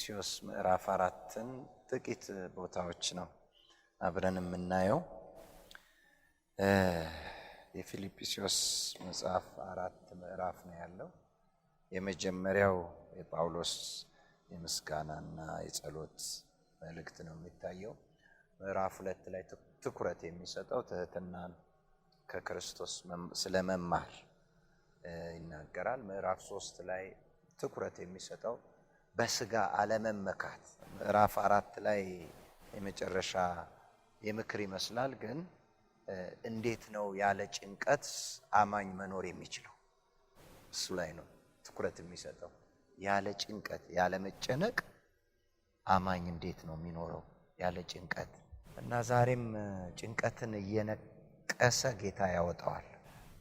ፊልጵስዩስ ምዕራፍ አራትን ጥቂት ቦታዎች ነው አብረን የምናየው። የፊልጵስዩስ መጽሐፍ አራት ምዕራፍ ነው ያለው። የመጀመሪያው የጳውሎስ የምስጋናና የጸሎት መልእክት ነው የሚታየው። ምዕራፍ ሁለት ላይ ትኩረት የሚሰጠው ትህትናን ከክርስቶስ ስለመማር ይናገራል። ምዕራፍ ሶስት ላይ ትኩረት የሚሰጠው በስጋ አለመመካት ምዕራፍ አራት ላይ የመጨረሻ የምክር ይመስላል። ግን እንዴት ነው ያለ ጭንቀት አማኝ መኖር የሚችለው? እሱ ላይ ነው ትኩረት የሚሰጠው። ያለ ጭንቀት ያለ መጨነቅ አማኝ እንዴት ነው የሚኖረው? ያለ ጭንቀት እና ዛሬም ጭንቀትን እየነቀሰ ጌታ ያወጣዋል፣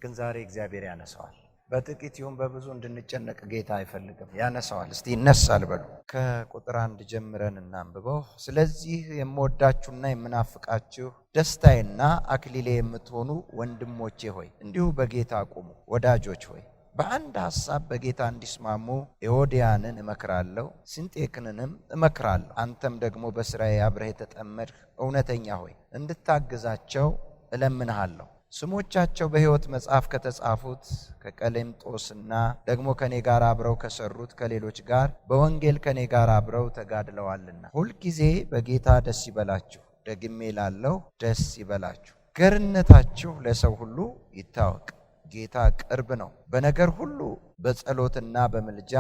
ግን ዛሬ እግዚአብሔር ያነሳዋል። በጥቂት ይሁን በብዙ እንድንጨነቅ ጌታ አይፈልግም። ያነሳዋል። እስቲ ይነሳል በሉ። ከቁጥር አንድ ጀምረን እናንብበው። ስለዚህ የምወዳችሁና የምናፍቃችሁ ደስታዬና አክሊሌ የምትሆኑ ወንድሞቼ ሆይ እንዲሁ በጌታ ቁሙ። ወዳጆች ሆይ በአንድ ሐሳብ በጌታ እንዲስማሙ ኤዎድያንን እመክራለሁ፣ ሲንጤክንንም እመክራለሁ። አንተም ደግሞ በሥራዬ አብረህ የተጠመድህ እውነተኛ ሆይ እንድታግዛቸው እለምንሃለሁ። ስሞቻቸው በሕይወት መጽሐፍ ከተጻፉት ከቀሌምጦስና ደግሞ ከኔ ጋር አብረው ከሰሩት ከሌሎች ጋር በወንጌል ከኔ ጋር አብረው ተጋድለዋልና ሁልጊዜ በጌታ ደስ ይበላችሁ። ደግሜ ላለው ደስ ይበላችሁ። ገርነታችሁ ለሰው ሁሉ ይታወቅ። ጌታ ቅርብ ነው። በነገር ሁሉ በጸሎትና በምልጃ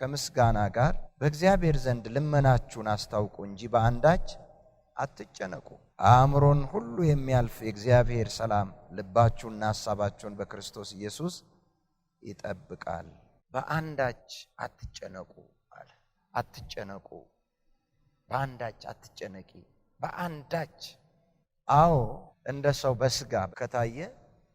ከምስጋና ጋር በእግዚአብሔር ዘንድ ልመናችሁን አስታውቁ እንጂ በአንዳች አትጨነቁ። አእምሮን ሁሉ የሚያልፍ የእግዚአብሔር ሰላም ልባችሁና ሀሳባችሁን በክርስቶስ ኢየሱስ ይጠብቃል። በአንዳች አትጨነቁ አለ። አትጨነቁ፣ በአንዳች አትጨነቂ። በአንዳች አዎ፣ እንደ ሰው በስጋ ከታየ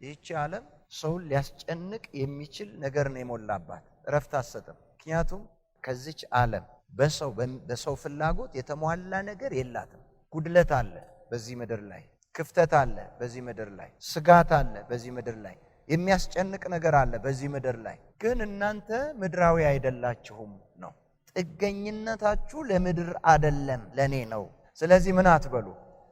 ይህቺ ዓለም ሰውን ሊያስጨንቅ የሚችል ነገር ነው የሞላባት፣ እረፍት አትሰጥም። ምክንያቱም ከዚች ዓለም በሰው በሰው ፍላጎት የተሟላ ነገር የላትም። ጉድለት አለ በዚህ ምድር ላይ፣ ክፍተት አለ በዚህ ምድር ላይ፣ ስጋት አለ በዚህ ምድር ላይ፣ የሚያስጨንቅ ነገር አለ በዚህ ምድር ላይ። ግን እናንተ ምድራዊ አይደላችሁም ነው። ጥገኝነታችሁ ለምድር አደለም ለእኔ ነው። ስለዚህ ምን አትበሉ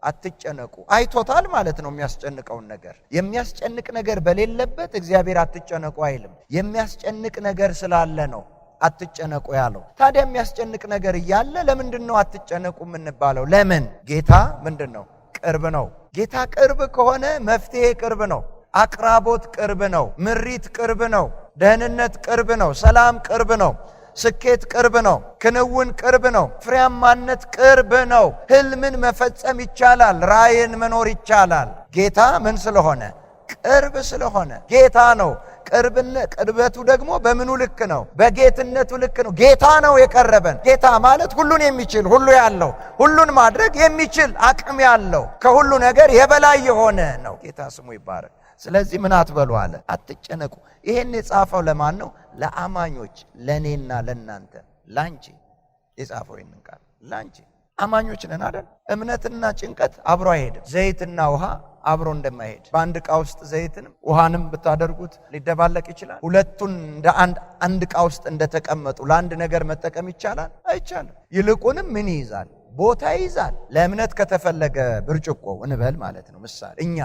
አትጨነቁ። አይቶታል ማለት ነው የሚያስጨንቀውን ነገር። የሚያስጨንቅ ነገር በሌለበት እግዚአብሔር አትጨነቁ አይልም። የሚያስጨንቅ ነገር ስላለ ነው አትጨነቁ ያለው። ታዲያ የሚያስጨንቅ ነገር እያለ ለምንድን ነው አትጨነቁ የምንባለው? ለምን? ጌታ ምንድን ነው? ቅርብ ነው። ጌታ ቅርብ ከሆነ መፍትሄ ቅርብ ነው። አቅራቦት ቅርብ ነው። ምሪት ቅርብ ነው። ደህንነት ቅርብ ነው። ሰላም ቅርብ ነው። ስኬት ቅርብ ነው። ክንውን ቅርብ ነው። ፍሬያማነት ቅርብ ነው። ህልምን መፈጸም ይቻላል። ራእይን መኖር ይቻላል። ጌታ ምን ስለሆነ? ቅርብ ስለሆነ ጌታ ነው። ቅርበቱ ደግሞ በምኑ ልክ ነው? በጌትነቱ ልክ ነው። ጌታ ነው የቀረበን። ጌታ ማለት ሁሉን የሚችል ሁሉ ያለው ሁሉን ማድረግ የሚችል አቅም ያለው ከሁሉ ነገር የበላይ የሆነ ነው። ጌታ ስሙ ይባረክ። ስለዚህ ምን አትበሉ አለ፣ አትጨነቁ። ይሄን የጻፈው ለማን ነው? ለአማኞች፣ ለእኔና ለእናንተ፣ ላንቺ የጻፈው ይህንን ቃል ላንቺ። አማኞች ነን አደል? እምነትና ጭንቀት አብሮ አይሄድም። ዘይትና ውሃ አብሮ እንደማይሄድ በአንድ ዕቃ ውስጥ ዘይትንም ውሃንም ብታደርጉት ሊደባለቅ ይችላል። ሁለቱን እንደ አንድ አንድ ዕቃ ውስጥ እንደተቀመጡ ለአንድ ነገር መጠቀም ይቻላል አይቻልም። ይልቁንም ምን ይይዛል? ቦታ ይይዛል። ለእምነት ከተፈለገ ብርጭቆ እንበል ማለት ነው። ምሳሌ እኛ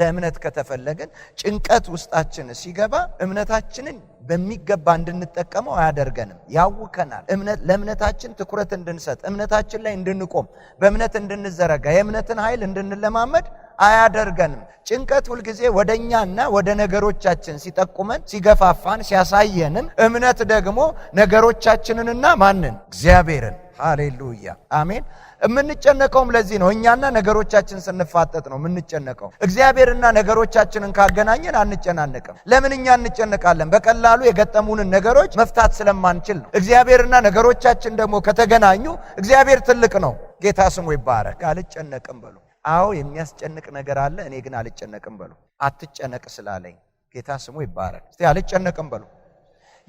ለእምነት ከተፈለገን ጭንቀት ውስጣችን ሲገባ እምነታችንን በሚገባ እንድንጠቀመው አያደርገንም፣ ያውከናል። ለእምነታችን ትኩረት እንድንሰጥ፣ እምነታችን ላይ እንድንቆም፣ በእምነት እንድንዘረጋ፣ የእምነትን ኃይል እንድንለማመድ አያደርገንም። ጭንቀት ሁልጊዜ ወደ እኛና ወደ ነገሮቻችን ሲጠቁመን፣ ሲገፋፋን፣ ሲያሳየንን እምነት ደግሞ ነገሮቻችንንና ማንን እግዚአብሔርን። ሃሌሉያ አሜን። የምንጨነቀውም ለዚህ ነው። እኛና ነገሮቻችን ስንፋጠጥ ነው የምንጨነቀው። እግዚአብሔርና ነገሮቻችንን ካገናኘን አንጨናነቅም። ለምን እኛ እንጨነቃለን? በቀላሉ የገጠሙንን ነገሮች መፍታት ስለማንችል ነው። እግዚአብሔርና ነገሮቻችን ደግሞ ከተገናኙ እግዚአብሔር ትልቅ ነው። ጌታ ስሙ ይባረክ። አልጨነቅም በሉ አዎ የሚያስጨንቅ ነገር አለ፣ እኔ ግን አልጨነቅም በሉ። አትጨነቅ ስላለኝ ጌታ ስሙ ይባረክ። እስቲ አልጨነቅም በሉ።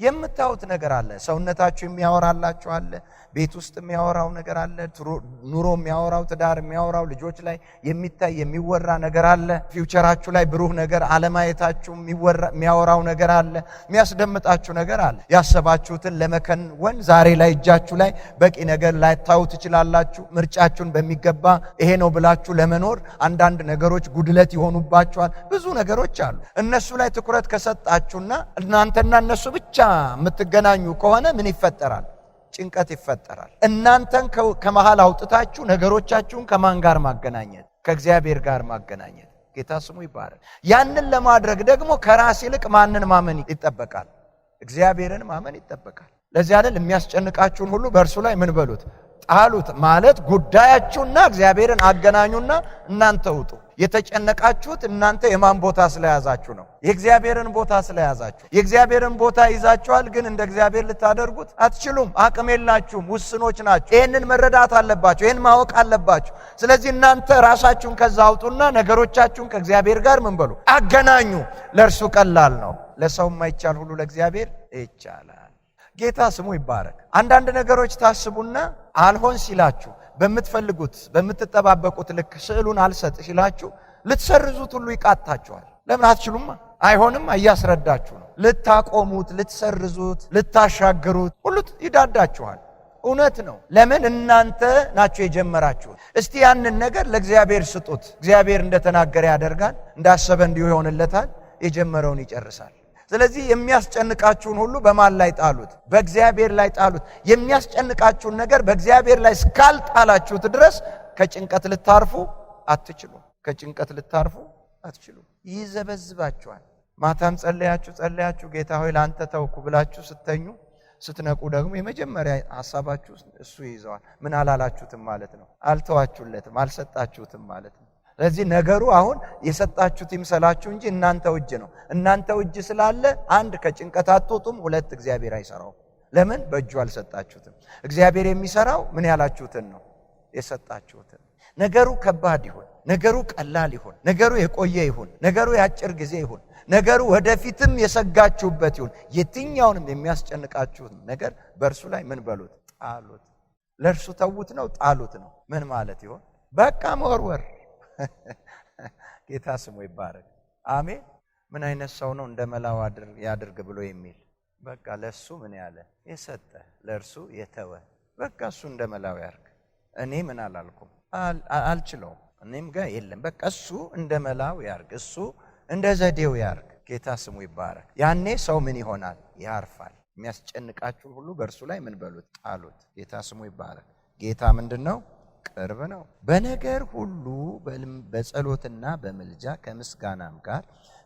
የምታዩት ነገር አለ። ሰውነታችሁ የሚያወራላችሁ አለ። ቤት ውስጥ የሚያወራው ነገር አለ። ኑሮ የሚያወራው፣ ትዳር የሚያወራው፣ ልጆች ላይ የሚታይ የሚወራ ነገር አለ። ፊውቸራችሁ ላይ ብሩህ ነገር አለማየታችሁ የሚያወራው ነገር አለ። የሚያስደምጣችሁ ነገር አለ። ያሰባችሁትን ለመከወን ዛሬ ላይ እጃችሁ ላይ በቂ ነገር ላይታዩ ትችላላችሁ። ምርጫችሁን በሚገባ ይሄ ነው ብላችሁ ለመኖር አንዳንድ ነገሮች ጉድለት ይሆኑባችኋል። ብዙ ነገሮች አሉ። እነሱ ላይ ትኩረት ከሰጣችሁና እናንተና እነሱ ብቻ የምትገናኙ ከሆነ ምን ይፈጠራል? ጭንቀት ይፈጠራል። እናንተን ከመሃል አውጥታችሁ ነገሮቻችሁን ከማን ጋር ማገናኘት? ከእግዚአብሔር ጋር ማገናኘት። ጌታ ስሙ ይባላል። ያንን ለማድረግ ደግሞ ከራስ ይልቅ ማንን ማመን ይጠበቃል? እግዚአብሔርን ማመን ይጠበቃል። ለዚህ አይደል የሚያስጨንቃችሁን ሁሉ በእርሱ ላይ ምን በሉት ጣሉት ማለት ጉዳያችሁና እግዚአብሔርን አገናኙና እናንተ ውጡ። የተጨነቃችሁት እናንተ የማን ቦታ ስለያዛችሁ ነው? የእግዚአብሔርን ቦታ ስለያዛችሁ። የእግዚአብሔርን ቦታ ይዛችኋል፣ ግን እንደ እግዚአብሔር ልታደርጉት አትችሉም። አቅም የላችሁም። ውስኖች ናችሁ። ይህንን መረዳት አለባችሁ። ይህን ማወቅ አለባችሁ። ስለዚህ እናንተ ራሳችሁን ከዛ አውጡና ነገሮቻችሁን ከእግዚአብሔር ጋር ምን በሉ አገናኙ። ለእርሱ ቀላል ነው። ለሰው የማይቻል ሁሉ ለእግዚአብሔር ይቻላል። ጌታ ስሙ ይባረክ። አንዳንድ ነገሮች ታስቡና አልሆን ሲላችሁ በምትፈልጉት በምትጠባበቁት ልክ ስዕሉን አልሰጥ ሲላችሁ ልትሰርዙት ሁሉ ይቃታችኋል። ለምን አትችሉማ? አይሆንም እያስረዳችሁ ነው። ልታቆሙት፣ ልትሰርዙት፣ ልታሻግሩት ሁሉ ይዳዳችኋል። እውነት ነው። ለምን እናንተ ናችሁ የጀመራችሁት። እስቲ ያንን ነገር ለእግዚአብሔር ስጡት። እግዚአብሔር እንደተናገረ ያደርጋል፣ እንዳሰበ እንዲሁ ይሆንለታል፣ የጀመረውን ይጨርሳል። ስለዚህ የሚያስጨንቃችሁን ሁሉ በማን ላይ ጣሉት? በእግዚአብሔር ላይ ጣሉት። የሚያስጨንቃችሁን ነገር በእግዚአብሔር ላይ እስካልጣላችሁት ድረስ ከጭንቀት ልታርፉ አትችሉ። ከጭንቀት ልታርፉ አትችሉ። ይዘበዝባችኋል። ማታም ጸለያችሁ ጸለያችሁ ጌታ ሆይ ለአንተ ተውኩ ብላችሁ ስተኙ ስትነቁ ደግሞ የመጀመሪያ ሀሳባችሁ እሱ ይይዘዋል። ምን አላላችሁትም ማለት ነው። አልተዋችሁለትም፣ አልሰጣችሁትም ማለት ነው። ስለዚህ ነገሩ አሁን የሰጣችሁት ይምሰላችሁ እንጂ እናንተ እጅ ነው። እናንተ እጅ ስላለ አንድ ከጭንቀት አትወጡም፣ ሁለት እግዚአብሔር አይሰራውም። ለምን በእጁ አልሰጣችሁትም። እግዚአብሔር የሚሰራው ምን ያላችሁትን ነው የሰጣችሁትን። ነገሩ ከባድ ይሁን፣ ነገሩ ቀላል ይሁን፣ ነገሩ የቆየ ይሁን፣ ነገሩ የአጭር ጊዜ ይሁን፣ ነገሩ ወደፊትም የሰጋችሁበት ይሁን፣ የትኛውንም የሚያስጨንቃችሁት ነገር በእርሱ ላይ ምን በሉት ጣሉት። ለእርሱ ተዉት ነው ጣሉት ነው ምን ማለት ይሆን? በቃ መወርወር ጌታ ስሙ ይባረክ። አሜን። ምን አይነት ሰው ነው እንደ መላው ያድርግ ብሎ የሚል በቃ ለእሱ ምን ያለ የሰጠ ለእርሱ የተወ በቃ እሱ እንደ መላው ያርግ። እኔ ምን አላልኩም፣ አልችለውም፣ እኔም ጋር የለም። በቃ እሱ እንደ መላው ያርግ፣ እሱ እንደ ዘዴው ያርግ። ጌታ ስሙ ይባረክ። ያኔ ሰው ምን ይሆናል? ያርፋል። የሚያስጨንቃችሁን ሁሉ በእርሱ ላይ ምን በሉት? ጣሉት። ጌታ ስሙ ይባረክ። ጌታ ምንድን ነው ቅርብ ነው። በነገር ሁሉ በጸሎትና በምልጃ ከምስጋናም ጋር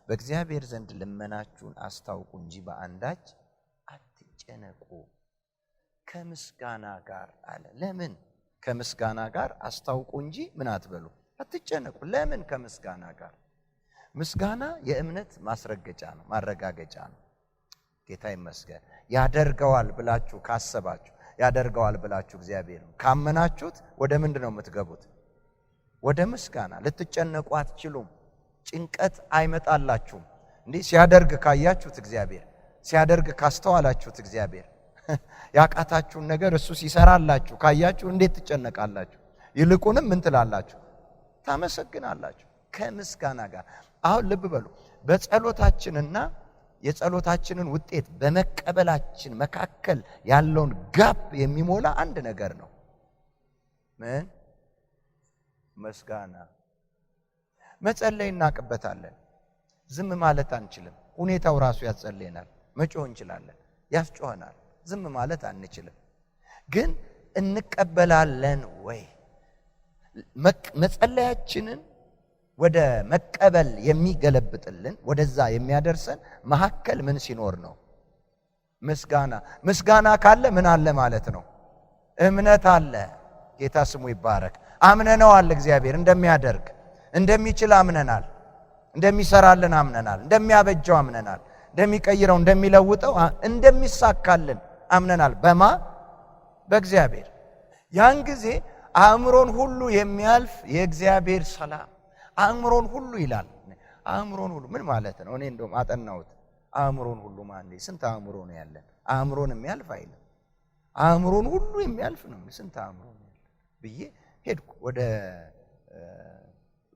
በእግዚአብሔር ዘንድ ልመናችሁን አስታውቁ እንጂ በአንዳች አትጨነቁ። ከምስጋና ጋር አለ። ለምን ከምስጋና ጋር አስታውቁ እንጂ ምን አትበሉ፣ አትጨነቁ። ለምን ከምስጋና ጋር? ምስጋና የእምነት ማስረገጫ ነው፣ ማረጋገጫ ነው። ጌታ ይመስገን ያደርገዋል ብላችሁ ካሰባችሁ ያደርገዋል ብላችሁ እግዚአብሔር ካመናችሁት ወደ ምንድ ነው የምትገቡት? ወደ ምስጋና። ልትጨነቁ አትችሉም። ጭንቀት አይመጣላችሁም። እንዲህ ሲያደርግ ካያችሁት እግዚአብሔር ሲያደርግ ካስተዋላችሁት እግዚአብሔር ያቃታችሁን ነገር እሱ ሲሰራላችሁ ካያችሁ እንዴት ትጨነቃላችሁ? ይልቁንም ምን ትላላችሁ? ታመሰግናላችሁ። ከምስጋና ጋር አሁን ልብ በሉ በጸሎታችንና የጸሎታችንን ውጤት በመቀበላችን መካከል ያለውን ጋፕ የሚሞላ አንድ ነገር ነው። ምን? መስጋና መጸለይ እናቅበታለን። ዝም ማለት አንችልም። ሁኔታው ራሱ ያጸለይናል መጮህ እንችላለን፣ ያስጮኸናል። ዝም ማለት አንችልም። ግን እንቀበላለን ወይ መጸለያችንን ወደ መቀበል የሚገለብጥልን ወደዛ የሚያደርሰን መካከል ምን ሲኖር ነው? ምስጋና። ምስጋና ካለ ምን አለ ማለት ነው? እምነት አለ። ጌታ ስሙ ይባረክ። አምነነዋል። እግዚአብሔር እንደሚያደርግ እንደሚችል አምነናል። እንደሚሰራልን አምነናል። እንደሚያበጀው አምነናል። እንደሚቀይረው፣ እንደሚለውጠው፣ እንደሚሳካልን አምነናል። በማ በእግዚአብሔር ያን ጊዜ አእምሮን ሁሉ የሚያልፍ የእግዚአብሔር ሰላም አእምሮን ሁሉ ይላል። አእምሮን ሁሉ ምን ማለት ነው? እኔ እንደውም አጠናሁት። አእምሮን ሁሉ ማን ስንት አእምሮ ነው ያለን? አእምሮን የሚያልፍ አይልም። አእምሮን ሁሉ የሚያልፍ ነው። ስንት አእምሮ ነው ብዬ ሄድኩ። ወደ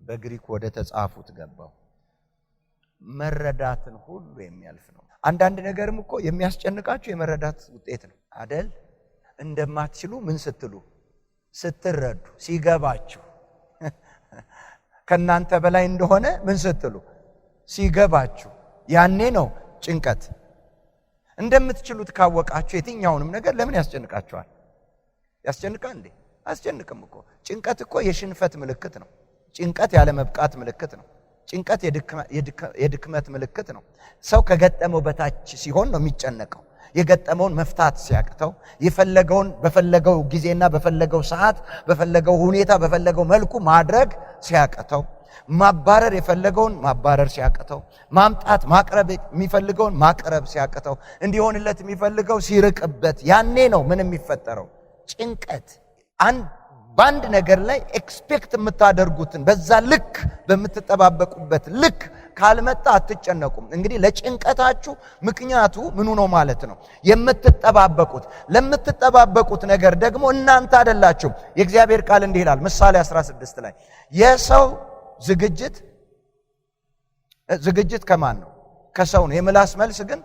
በግሪክ ወደ ተጻፉት ገባው። መረዳትን ሁሉ የሚያልፍ ነው። አንዳንድ ነገርም እኮ የሚያስጨንቃችሁ የመረዳት ውጤት ነው አደል? እንደማትችሉ ምን ስትሉ ስትረዱ ሲገባችሁ ከእናንተ በላይ እንደሆነ ምን ስትሉ ሲገባችሁ፣ ያኔ ነው ጭንቀት። እንደምትችሉት ካወቃችሁ የትኛውንም ነገር ለምን ያስጨንቃችኋል? ያስጨንቃ እንዴ? አስጨንቅም እኮ። ጭንቀት እኮ የሽንፈት ምልክት ነው። ጭንቀት ያለመብቃት ምልክት ነው። ጭንቀት የድክመት ምልክት ነው። ሰው ከገጠመው በታች ሲሆን ነው የሚጨነቀው። የገጠመውን መፍታት ሲያቅተው የፈለገውን በፈለገው ጊዜና በፈለገው ሰዓት በፈለገው ሁኔታ በፈለገው መልኩ ማድረግ ሲያቅተው ማባረር የፈለገውን ማባረር ሲያቅተው ማምጣት ማቅረብ የሚፈልገውን ማቅረብ ሲያቅተው እንዲሆንለት የሚፈልገው ሲርቅበት፣ ያኔ ነው ምን የሚፈጠረው ጭንቀት። አንድ በአንድ ነገር ላይ ኤክስፔክት የምታደርጉትን በዛ ልክ በምትጠባበቁበት ልክ ካልመጣ አትጨነቁም። እንግዲህ ለጭንቀታችሁ ምክንያቱ ምኑ ነው ማለት ነው? የምትጠባበቁት። ለምትጠባበቁት ነገር ደግሞ እናንተ አይደላችሁም። የእግዚአብሔር ቃል እንዲህ ይላል ምሳሌ 16 ላይ የሰው ዝግጅት ዝግጅት ከማን ነው? ከሰው ነው። የምላስ መልስ ግን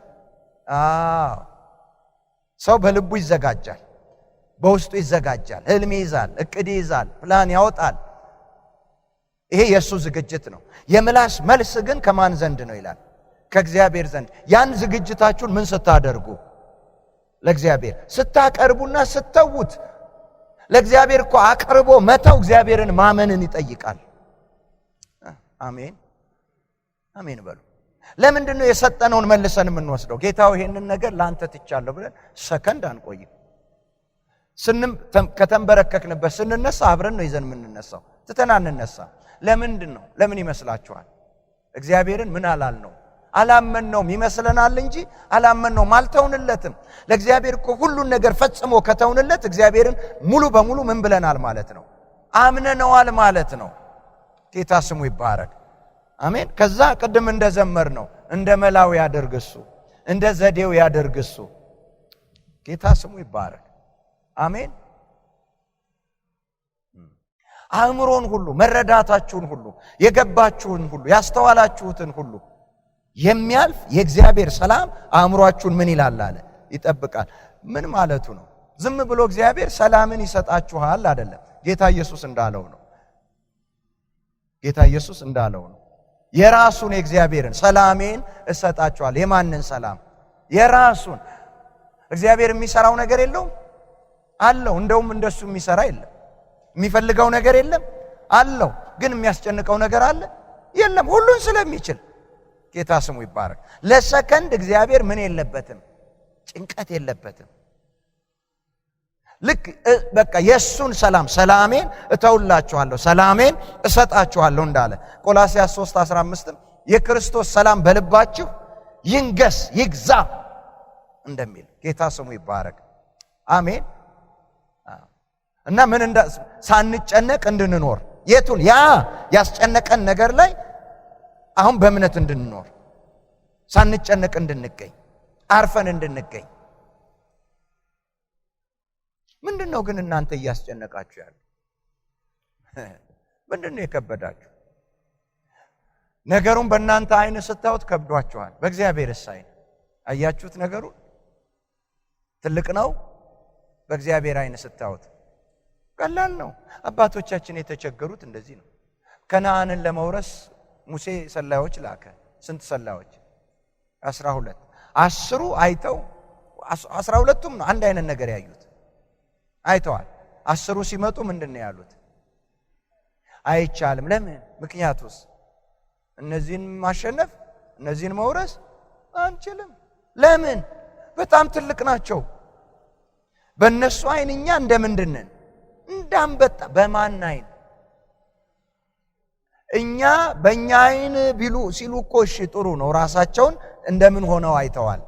ሰው በልቡ ይዘጋጃል በውስጡ ይዘጋጃል። ህልም ይይዛል፣ እቅድ ይይዛል፣ ፕላን ያወጣል። ይሄ የእሱ ዝግጅት ነው። የምላስ መልስ ግን ከማን ዘንድ ነው ይላል? ከእግዚአብሔር ዘንድ። ያን ዝግጅታችሁን ምን ስታደርጉ? ለእግዚአብሔር ስታቀርቡና ስተዉት። ለእግዚአብሔር እኮ አቅርቦ መተው እግዚአብሔርን ማመንን ይጠይቃል። አሜን አሜን በሉ። ለምንድን ነው የሰጠነውን መልሰን የምንወስደው? ጌታው ይሄንን ነገር ለአንተ ትቻለሁ ብለን ሰከንድ አንቆይም። ከተንበረከክንበት ስንነሳ አብረን ነው ይዘን የምንነሳው። ትተን አንነሳ። ለምንድን ነው? ለምን ይመስላችኋል? እግዚአብሔርን ምን አላል ነው አላመን ነውም ይመስለናል እንጂ አላመን ነውም አልተውንለትም። ለእግዚአብሔር እኮ ሁሉን ነገር ፈጽሞ ከተውንለት እግዚአብሔርን ሙሉ በሙሉ ምን ብለናል ማለት ነው? አምነነዋል ማለት ነው። ጌታ ስሙ ይባረክ። አሜን። ከዛ ቅድም እንደ ዘመር ነው እንደ መላው ያደርግ እሱ እንደ ዘዴው ያደርግ እሱ ጌታ ስሙ ይባረክ። አሜን። አእምሮን ሁሉ መረዳታችሁን ሁሉ የገባችሁን ሁሉ ያስተዋላችሁትን ሁሉ የሚያልፍ የእግዚአብሔር ሰላም አእምሯችሁን ምን ይላል አለ ይጠብቃል። ምን ማለቱ ነው? ዝም ብሎ እግዚአብሔር ሰላምን ይሰጣችኋል አይደለም። ጌታ ኢየሱስ እንዳለው ነው። ጌታ ኢየሱስ እንዳለው ነው። የራሱን የእግዚአብሔርን ሰላሜን እሰጣችኋል። የማንን ሰላም? የራሱን። እግዚአብሔር የሚሰራው ነገር የለውም። አለው። እንደውም እንደሱ የሚሰራ የለም፣ የሚፈልገው ነገር የለም አለው። ግን የሚያስጨንቀው ነገር አለ የለም። ሁሉን ስለሚችል ጌታ ስሙ ይባረክ። ለሰከንድ እግዚአብሔር ምን የለበትም? ጭንቀት የለበትም። ልክ በቃ የእሱን ሰላም ሰላሜን እተውላችኋለሁ፣ ሰላሜን እሰጣችኋለሁ እንዳለ ቆላስያስ 3 15 የክርስቶስ ሰላም በልባችሁ ይንገስ ይግዛ እንደሚል ጌታ ስሙ ይባረክ። አሜን። እና ምን ሳንጨነቅ እንድንኖር የቱን ያ ያስጨነቀን ነገር ላይ አሁን በእምነት እንድንኖር ሳንጨነቅ እንድንገኝ አርፈን እንድንገኝ። ምንድን ነው ግን እናንተ እያስጨነቃችሁ ያለ? ምንድን ነው የከበዳችሁ? ነገሩን በእናንተ አይን ስታዩት ከብዷችኋል። በእግዚአብሔርስ አይን አያችሁት? ነገሩን ትልቅ ነው። በእግዚአብሔር አይን ስታዩት ቀላል ነው። አባቶቻችን የተቸገሩት እንደዚህ ነው። ከነአንን ለመውረስ ሙሴ ሰላዮች ላከ። ስንት ሰላዮች? አስራ ሁለት አስሩ አይተው አስራ ሁለቱም ነው አንድ አይነት ነገር ያዩት አይተዋል። አስሩ ሲመጡ ምንድን ያሉት? አይቻልም። ለምን? ምክንያቱስ እነዚህን ማሸነፍ እነዚህን መውረስ አንችልም። ለምን? በጣም ትልቅ ናቸው። በእነሱ አይን እኛ እንደምንድንን እንዳንበጣ በማን አይን እኛ በእኛ አይን ቢሉ ሲሉ እኮ እሺ ጥሩ ነው። ራሳቸውን እንደምን ሆነው አይተዋል፣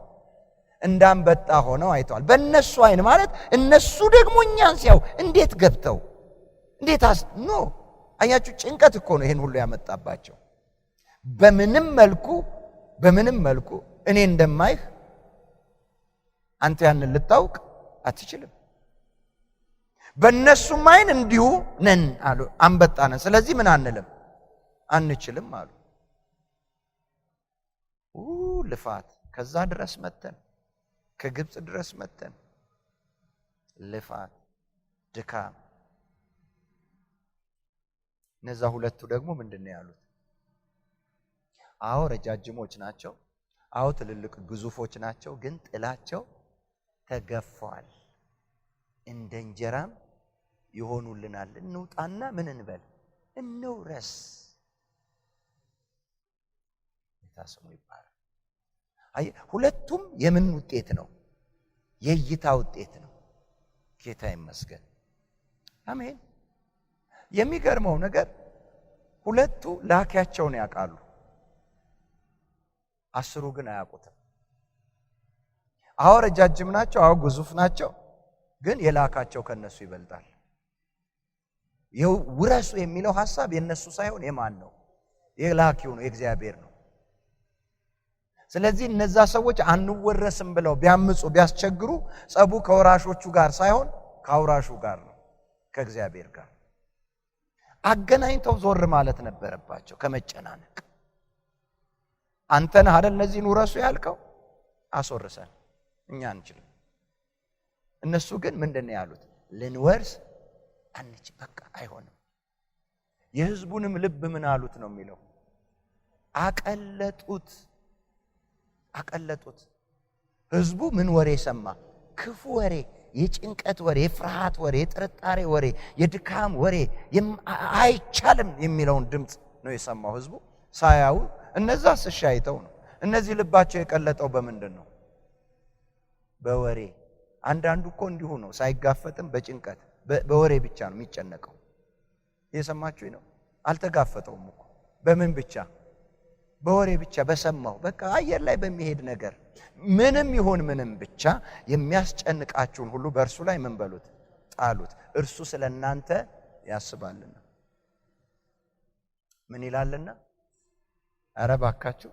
እንዳንበጣ ሆነው አይተዋል። በእነሱ አይን ማለት እነሱ ደግሞ እኛን ሲያው እንዴት ገብተው እንዴት አስ ኖ አያችሁ፣ ጭንቀት እኮ ነው ይሄን ሁሉ ያመጣባቸው። በምንም መልኩ በምንም መልኩ እኔ እንደማይህ አንተ ያንን ልታውቅ አትችልም። በእነሱም አይን እንዲሁ ነን አሉ። አንበጣ ነን። ስለዚህ ምን አንልም አንችልም አሉ። ልፋት ከዛ ድረስ መተን ከግብፅ ድረስ መተን ልፋት፣ ድካም። እነዛ ሁለቱ ደግሞ ምንድን ነው ያሉት? አዎ ረጃጅሞች ናቸው። አዎ ትልልቅ ግዙፎች ናቸው። ግን ጥላቸው ተገፏል እንደ እንጀራም ይሆኑልናል። እንውጣና ምን እንበል? እንውረስ። ጌታ ስሙ ይባላል። ሁለቱም የምን ውጤት ነው? የእይታ ውጤት ነው። ጌታ ይመስገን። አሜን። የሚገርመው ነገር ሁለቱ ላኪያቸውን ያውቃሉ፣ አስሩ ግን አያውቁትም። አዎ ረጃጅም ናቸው፣ አዎ ግዙፍ ናቸው፣ ግን የላካቸው ከነሱ ይበልጣል። ውረሱ የሚለው ሐሳብ የነሱ ሳይሆን የማን ነው? የላኪው ነው፣ የእግዚአብሔር ነው። ስለዚህ እነዛ ሰዎች አንወረስም ብለው ቢያምፁ ቢያስቸግሩ ጸቡ ከወራሾቹ ጋር ሳይሆን ከአውራሹ ጋር ነው፣ ከእግዚአብሔር ጋር። አገናኝተው ዞር ማለት ነበረባቸው ከመጨናነቅ። አንተ አደል እነዚህን ውረሱ ያልከው? አስወርሰን እኛ አንችልም። እነሱ ግን ምንድን ያሉት? ልንወርስ አንች በቃ አይሆንም። የህዝቡንም ልብ ምን አሉት ነው የሚለው አቀለጡት አቀለጡት። ህዝቡ ምን ወሬ ሰማ? ክፉ ወሬ፣ የጭንቀት ወሬ፣ የፍርሃት ወሬ፣ የጥርጣሬ ወሬ፣ የድካም ወሬ፣ አይቻልም የሚለውን ድምፅ ነው የሰማው ህዝቡ። ሳያዩ እነዛ ስሻይተው ነው። እነዚህ ልባቸው የቀለጠው በምንድን ነው? በወሬ። አንዳንዱ እኮ እንዲሁ ነው፣ ሳይጋፈጥም በጭንቀት በወሬ ብቻ ነው የሚጨነቀው። እየሰማችሁኝ ነው? አልተጋፈጠውም እኮ በምን ብቻ በወሬ ብቻ በሰማሁ በቃ አየር ላይ በሚሄድ ነገር ምንም ይሁን ምንም ብቻ የሚያስጨንቃችሁን ሁሉ በእርሱ ላይ ምን በሉት ጣሉት፣ እርሱ ስለ እናንተ ያስባልና። ምን ይላልና? ኧረ ባካችሁ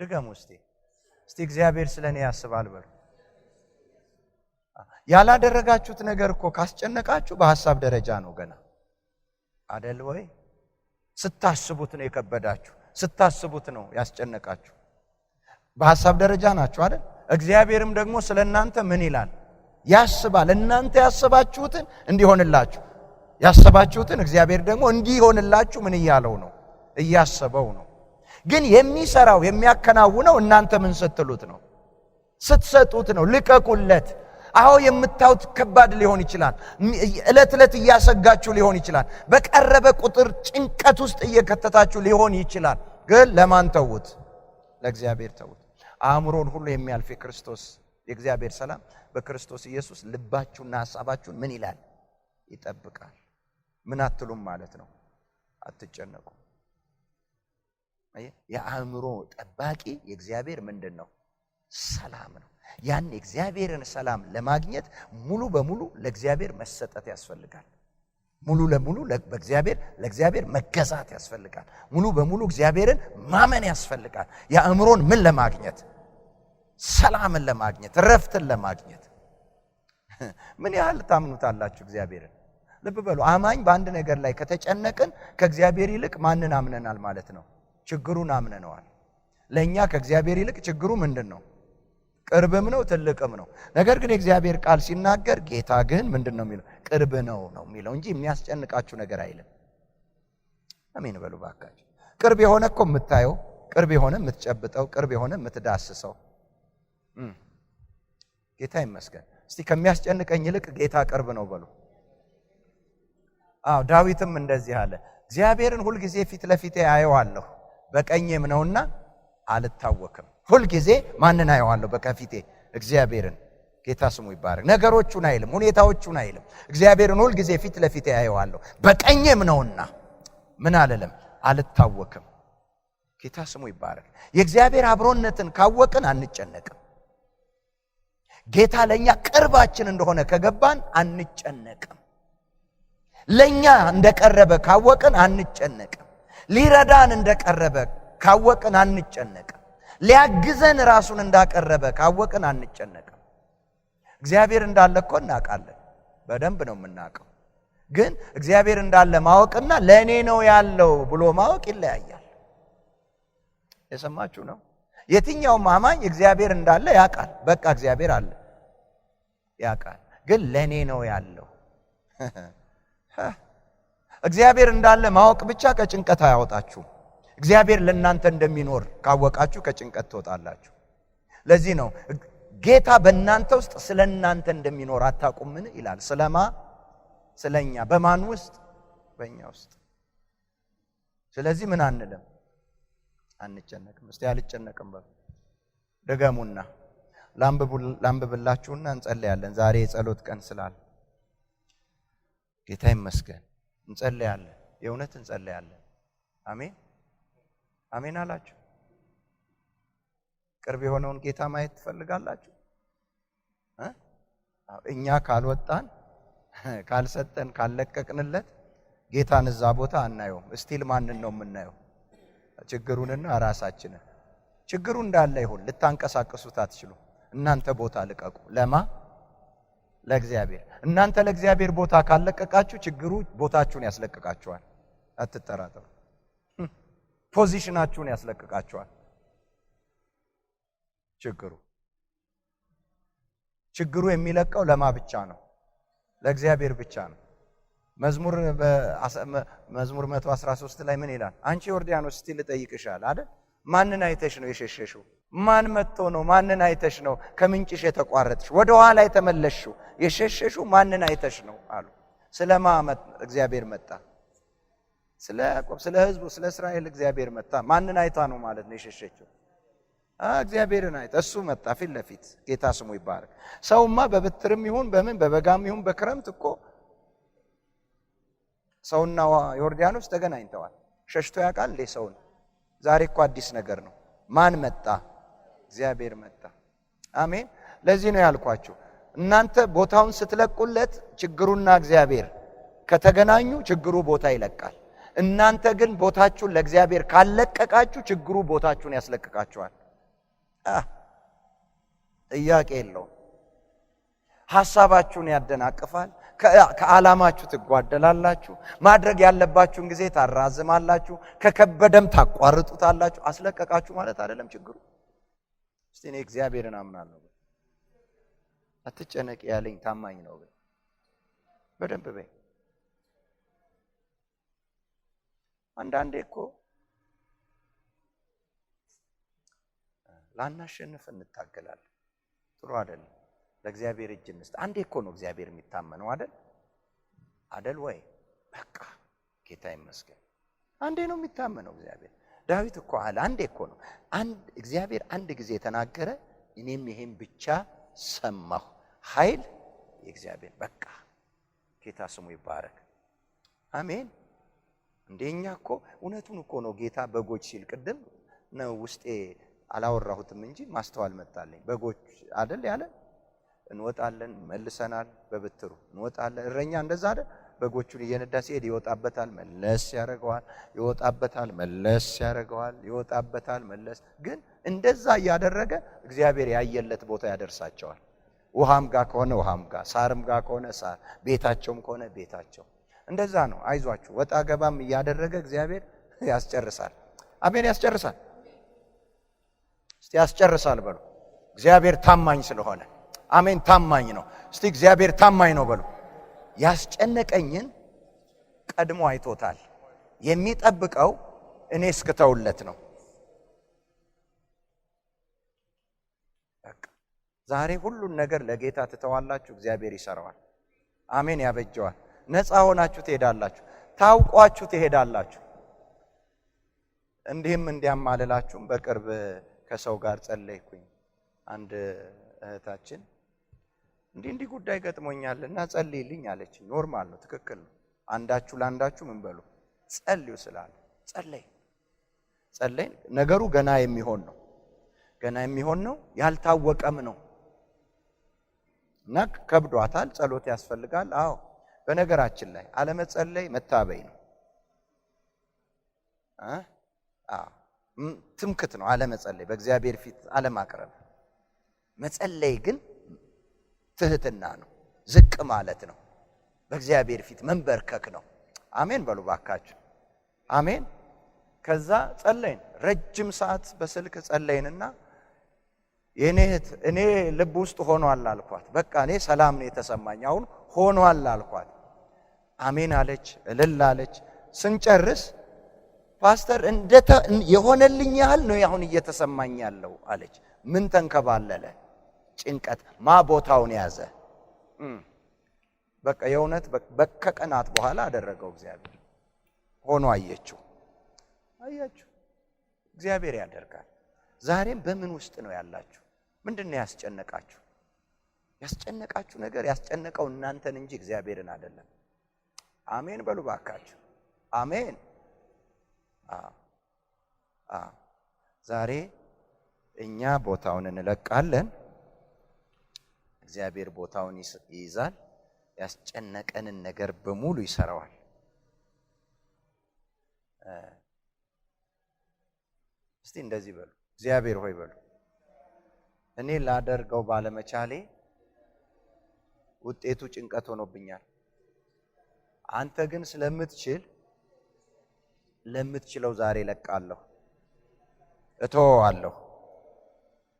ድገሙ እስቲ እስቲ እግዚአብሔር ስለ እኔ ያስባል በሉ ያላደረጋችሁት ነገር እኮ ካስጨነቃችሁ በሀሳብ ደረጃ ነው ገና አደል ወይ? ስታስቡት ነው የከበዳችሁ፣ ስታስቡት ነው ያስጨነቃችሁ። በሀሳብ ደረጃ ናችሁ አደል? እግዚአብሔርም ደግሞ ስለ እናንተ ምን ይላል? ያስባል። እናንተ ያሰባችሁትን እንዲሆንላችሁ፣ ያሰባችሁትን እግዚአብሔር ደግሞ እንዲሆንላችሁ ምን እያለው ነው? እያሰበው ነው። ግን የሚሰራው የሚያከናውነው እናንተ ምን ስትሉት ነው? ስትሰጡት ነው። ልቀቁለት አዎ የምታዩት ከባድ ሊሆን ይችላል። ዕለት ዕለት እያሰጋችሁ ሊሆን ይችላል። በቀረበ ቁጥር ጭንቀት ውስጥ እየከተታችሁ ሊሆን ይችላል። ግን ለማን ተዉት? ለእግዚአብሔር ተዉት። አእምሮን ሁሉ የሚያልፍ የክርስቶስ የእግዚአብሔር ሰላም በክርስቶስ ኢየሱስ ልባችሁና ሀሳባችሁን ምን ይላል? ይጠብቃል። ምን አትሉም ማለት ነው። አትጨነቁ። የአእምሮ ጠባቂ የእግዚአብሔር ምንድን ነው? ሰላም ነው። ያን የእግዚአብሔርን ሰላም ለማግኘት ሙሉ በሙሉ ለእግዚአብሔር መሰጠት ያስፈልጋል። ሙሉ ለሙሉ በእግዚአብሔር ለእግዚአብሔር መገዛት ያስፈልጋል። ሙሉ በሙሉ እግዚአብሔርን ማመን ያስፈልጋል። የአእምሮን ምን ለማግኘት ሰላምን ለማግኘት እረፍትን ለማግኘት ምን ያህል ታምኑታላችሁ እግዚአብሔርን? ልብ በሉ። አማኝ በአንድ ነገር ላይ ከተጨነቅን ከእግዚአብሔር ይልቅ ማንን አምነናል ማለት ነው? ችግሩን አምነነዋል። ለእኛ ከእግዚአብሔር ይልቅ ችግሩ ምንድን ነው? ቅርብም ነው ትልቅም ነው። ነገር ግን የእግዚአብሔር ቃል ሲናገር ጌታ ግን ምንድን ነው የሚለው? ቅርብ ነው ነው የሚለው እንጂ የሚያስጨንቃችሁ ነገር አይልም። አሜን በሉ ባካችሁ። ቅርብ የሆነ እኮ የምታየው፣ ቅርብ የሆነ የምትጨብጠው፣ ቅርብ የሆነ የምትዳስሰው። ጌታ ይመስገን። እስቲ ከሚያስጨንቀኝ ይልቅ ጌታ ቅርብ ነው በሉ። አዎ ዳዊትም እንደዚህ አለ፣ እግዚአብሔርን ሁልጊዜ ፊት ለፊቴ አየዋለሁ፣ በቀኜም ነውና አልታወክም። ሁልጊዜ ማንን አየዋለሁ? በከፊቴ እግዚአብሔርን። ጌታ ስሙ ይባረክ። ነገሮቹን አይልም፣ ሁኔታዎቹን አይልም። እግዚአብሔርን ሁልጊዜ ፊት ለፊት አየዋለሁ፣ በቀኝም ነውና ምን አለለም አልታወክም። ጌታ ስሙ ይባረክ። የእግዚአብሔር አብሮነትን ካወቅን አንጨነቅም። ጌታ ለእኛ ቅርባችን እንደሆነ ከገባን አንጨነቅም። ለእኛ እንደቀረበ ካወቅን አንጨነቅም። ሊረዳን እንደቀረበ ካወቅን አንጨነቅም። ሊያግዘን ራሱን እንዳቀረበ ካወቅን አንጨነቅም። እግዚአብሔር እንዳለ እኮ እናውቃለን፣ በደንብ ነው የምናውቀው። ግን እግዚአብሔር እንዳለ ማወቅና ለእኔ ነው ያለው ብሎ ማወቅ ይለያያል። የሰማችሁ ነው። የትኛውም አማኝ እግዚአብሔር እንዳለ ያውቃል። በቃ እግዚአብሔር አለ ያውቃል። ግን ለእኔ ነው ያለው እግዚአብሔር እንዳለ ማወቅ ብቻ ከጭንቀት አያወጣችሁም። እግዚአብሔር ለእናንተ እንደሚኖር ካወቃችሁ ከጭንቀት ትወጣላችሁ። ለዚህ ነው ጌታ በእናንተ ውስጥ ስለ እናንተ እንደሚኖር አታቁምን ይላል። ስለማ ስለኛ በማን ውስጥ በእኛ ውስጥ። ስለዚህ ምን አንልም፣ አንጨነቅም። እስቲ አልጨነቅም በ ደገሙና ላንብብላችሁና እንጸለያለን። ዛሬ የጸሎት ቀን ስላለ ጌታ ይመስገን። እንጸለያለን፣ የእውነት እንጸለያለን። አሜን። አሜን አላችሁ። ቅርብ የሆነውን ጌታ ማየት ትፈልጋላችሁ? እኛ ካልወጣን ካልሰጠን ካልለቀቅንለት ጌታን እዛ ቦታ አናየውም። እስቲል ማንን ነው የምናየው? ችግሩንና ራሳችንን። ችግሩ እንዳለ ይሁን፣ ልታንቀሳቀሱት አትችሉ። እናንተ ቦታ ልቀቁ። ለማ ለእግዚአብሔር። እናንተ ለእግዚአብሔር ቦታ ካልለቀቃችሁ ችግሩ ቦታችሁን ያስለቅቃችኋል። አትጠራጠሩ። ፖዚሽናችሁን ያስለቅቃችኋል። ችግሩ ችግሩ የሚለቀው ለማ ብቻ ነው፣ ለእግዚአብሔር ብቻ ነው። መዝሙር መዝሙር 113 ላይ ምን ይላል? አንቺ ዮርዳኖስ እስቲ ልጠይቅሻል አይደል? ማንን አይተሽ ነው የሸሸሽው? ማን መጥቶ ነው? ማንን አይተሽ ነው ከምንጭሽ የተቋረጥሽ? ወደ ኋላ የተመለሽው የሸሸሽው ማንን አይተሽ ነው አሉ። ስለማ እግዚአብሔር መጣ ስለ ያዕቆብ ስለ ህዝቡ ስለ እስራኤል እግዚአብሔር መጣ። ማንን አይታ ነው ማለት ነው የሸሸችው? እግዚአብሔርን አይታ እሱ መጣ ፊት ለፊት። ጌታ ስሙ ይባረክ። ሰውማ በበትርም ይሁን በምን በበጋም ይሁን በክረምት እኮ ሰውና ዮርዳኖስ ተገናኝተዋል። ሸሽቶ ያውቃል እንዴ ሰውን? ዛሬ እኮ አዲስ ነገር ነው። ማን መጣ? እግዚአብሔር መጣ። አሜን። ለዚህ ነው ያልኳችሁ እናንተ ቦታውን ስትለቁለት ችግሩና እግዚአብሔር ከተገናኙ ችግሩ ቦታ ይለቃል። እናንተ ግን ቦታችሁን ለእግዚአብሔር ካለቀቃችሁ ችግሩ ቦታችሁን ያስለቅቃችኋል። ጥያቄ የለውም። ሀሳባችሁን ያደናቅፋል። ከዓላማችሁ ትጓደላላችሁ። ማድረግ ያለባችሁን ጊዜ ታራዝማላችሁ። ከከበደም ታቋርጡታላችሁ። አስለቀቃችሁ ማለት አይደለም ችግሩ። እስቲ እኔ እግዚአብሔርን አምናለሁ። አትጨነቅ ያለኝ ታማኝ ነው። በደንብ በይ አንዳንዴ እኮ ላናሸንፍ እንታገላለን። ጥሩ አይደለም። ለእግዚአብሔር እጅ እንስጥ። አንዴ እኮ ነው እግዚአብሔር የሚታመነው አይደል? አደል ወይ? በቃ ጌታ ይመስገን። አንዴ ነው የሚታመነው እግዚአብሔር። ዳዊት እኮ አለ፣ አንዴ እኮ ነው አንድ እግዚአብሔር አንድ ጊዜ ተናገረ፣ እኔም ይሄን ብቻ ሰማሁ። ኃይል የእግዚአብሔር በቃ ጌታ ስሙ ይባረክ። አሜን። እንደኛ እኮ እውነቱን እኮ ነው ጌታ በጎች ሲል ቅድም ነው ውስጤ አላወራሁትም እንጂ ማስተዋል መጣለኝ። በጎች አደል ያለ እንወጣለን መልሰናል፣ በብትሩ እንወጣለን። እረኛ እንደዛ አደ በጎቹን እየነዳ ሲሄድ ይወጣበታል፣ መለስ ያደርገዋል፣ ይወጣበታል፣ መለስ ያደርገዋል፣ ይወጣበታል፣ መለስ ግን እንደዛ እያደረገ እግዚአብሔር ያየለት ቦታ ያደርሳቸዋል። ውሃም ጋር ከሆነ ውሃም ጋር፣ ሳርም ጋር ከሆነ ሳር፣ ቤታቸውም ከሆነ ቤታቸው እንደዛ ነው። አይዟችሁ ወጣ ገባም እያደረገ እግዚአብሔር ያስጨርሳል። አሜን ያስጨርሳል። እስቲ ያስጨርሳል በሉ። እግዚአብሔር ታማኝ ስለሆነ አሜን። ታማኝ ነው። እስቲ እግዚአብሔር ታማኝ ነው በሉ። ያስጨነቀኝን ቀድሞ አይቶታል። የሚጠብቀው እኔ እስክተውለት ነው። ዛሬ ሁሉን ነገር ለጌታ ትተዋላችሁ፣ እግዚአብሔር ይሰራዋል። አሜን ያበጀዋል። ነፃ ሆናችሁ ትሄዳላችሁ፣ ታውቋችሁ ትሄዳላችሁ። እንዲህም እንዲያማልላችሁም በቅርብ ከሰው ጋር ጸለይኩኝ። አንድ እህታችን እንዲህ እንዲህ ጉዳይ ገጥሞኛል እና ጸልይልኝ አለች። ኖርማል ነው፣ ትክክል ነው። አንዳችሁ ለአንዳችሁ ምን በሉ ጸልዩ ስላለ ጸለይ ጸለይ። ነገሩ ገና የሚሆን ነው፣ ገና የሚሆን ነው፣ ያልታወቀም ነው እና ከብዷታል። ጸሎት ያስፈልጋል። አዎ በነገራችን ላይ አለመጸለይ መታበይ ነው፣ ትምክት ነው አለመጸለይ፣ በእግዚአብሔር ፊት አለማቅረብ። መጸለይ ግን ትህትና ነው፣ ዝቅ ማለት ነው፣ በእግዚአብሔር ፊት መንበርከክ ነው። አሜን በሉ ባካችሁ፣ አሜን። ከዛ ጸለይን፣ ረጅም ሰዓት በስልክ ጸለይንና የኔ እህት እኔ ልብ ውስጥ ሆኗል አልኳት። በቃ እኔ ሰላም ነው የተሰማኝ አሁን ሆኗል አልኳት። አሜን አለች፣ እልል አለች። ስንጨርስ ፓስተር የሆነልኝ ያህል ነው አሁን እየተሰማኝ ያለው አለች። ምን ተንከባለለ? ጭንቀት ማ ቦታውን ያዘ። በቃ የእውነት በከቀናት በኋላ አደረገው እግዚአብሔር ሆኖ አየችው። አያችሁ እግዚአብሔር ያደርጋል። ዛሬም በምን ውስጥ ነው ያላችሁ? ምንድን ነው ያስጨነቃችሁ? ያስጨነቃችሁ ነገር ያስጨነቀው እናንተን እንጂ እግዚአብሔርን አይደለም። አሜን በሉ ባካችሁ። አሜን። ዛሬ እኛ ቦታውን እንለቃለን፣ እግዚአብሔር ቦታውን ይይዛል። ያስጨነቀንን ነገር በሙሉ ይሰራዋል። እስቲ እንደዚህ በሉ፣ እግዚአብሔር ሆይ በሉ፣ እኔ ላደርገው ባለመቻሌ ውጤቱ ጭንቀት ሆኖብኛል። አንተ ግን ስለምትችል ለምትችለው ዛሬ ለቃለሁ እተወዋለሁ